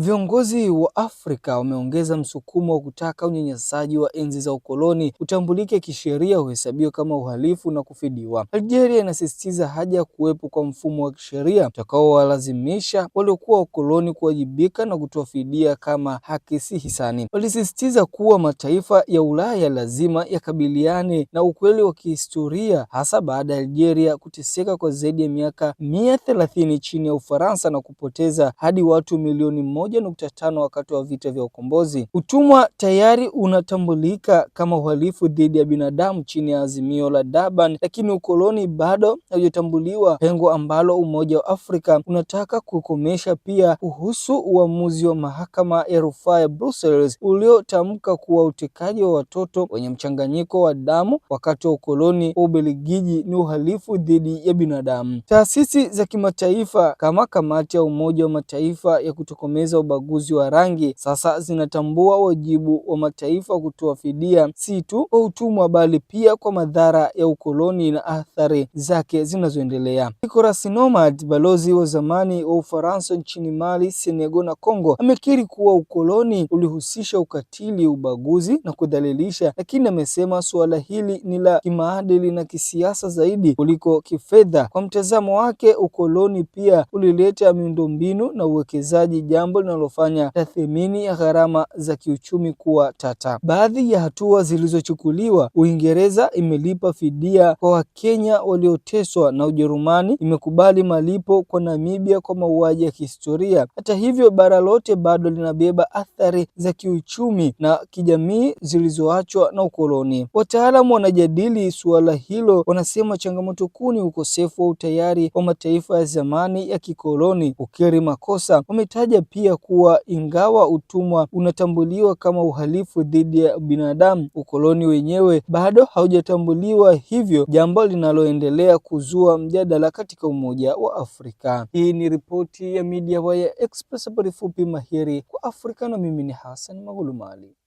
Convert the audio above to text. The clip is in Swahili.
Viongozi wa Afrika wameongeza msukumo wa kutaka unyanyasaji wa enzi za ukoloni utambulike kisheria, uhesabiwe kama uhalifu na kufidiwa. Algeria inasisitiza haja ya kuwepo kwa mfumo wa kisheria utakaowalazimisha waliokuwa wakoloni kuwajibika na kutoa fidia kama haki si hisani. Walisisitiza kuwa mataifa ya Ulaya lazima yakabiliane na ukweli wa kihistoria, hasa baada ya Algeria kuteseka kwa zaidi ya miaka mia thelathini chini ya Ufaransa na kupoteza hadi watu milioni moja 1.5 wakati wa vita vya ukombozi. Utumwa tayari unatambulika kama uhalifu dhidi ya binadamu chini ya azimio la Durban, lakini ukoloni bado haujatambuliwa, pengo ambalo Umoja wa Afrika unataka kukomesha. Pia kuhusu uamuzi wa mahakama ya rufaa ya Brussels uliotamka kuwa utekaji wa watoto wenye mchanganyiko wa damu wakati wa ukoloni wa Ubelgiji ni uhalifu dhidi ya binadamu. Taasisi za kimataifa kama Kamati ya Umoja wa Mataifa ya kutokomeza za ubaguzi wa rangi sasa zinatambua wajibu wa mataifa kutoa fidia si tu kwa utumwa bali pia kwa madhara ya ukoloni na athari zake zinazoendelea. Nicolas Nomad, balozi wa zamani wa Ufaransa nchini Mali, Senegal na Kongo, amekiri kuwa ukoloni ulihusisha ukatili, ubaguzi na kudhalilisha, lakini amesema suala hili ni la kimaadili na kisiasa zaidi kuliko kifedha. Kwa mtazamo wake, ukoloni pia ulileta miundombinu na uwekezaji, jambo jambo linalofanya tathmini ya gharama za kiuchumi kuwa tata. Baadhi ya hatua zilizochukuliwa: Uingereza imelipa fidia kwa Wakenya walioteswa na Ujerumani imekubali malipo kwa Namibia kwa mauaji ya kihistoria. Hata hivyo, bara lote bado linabeba athari za kiuchumi na kijamii zilizoachwa na ukoloni. Wataalamu wanajadili suala hilo, wanasema changamoto kuu ni ukosefu wa utayari wa mataifa ya zamani ya kikoloni kukiri makosa. Wametaja pia pia kuwa ingawa utumwa unatambuliwa kama uhalifu dhidi ya binadamu, ukoloni wenyewe bado haujatambuliwa hivyo, jambo linaloendelea kuzua mjadala katika Umoja wa Afrika. Hii ni ripoti ya Media Wire Express, habari fupi mahiri kwa Afrika, na mimi ni Hassan Magulumali.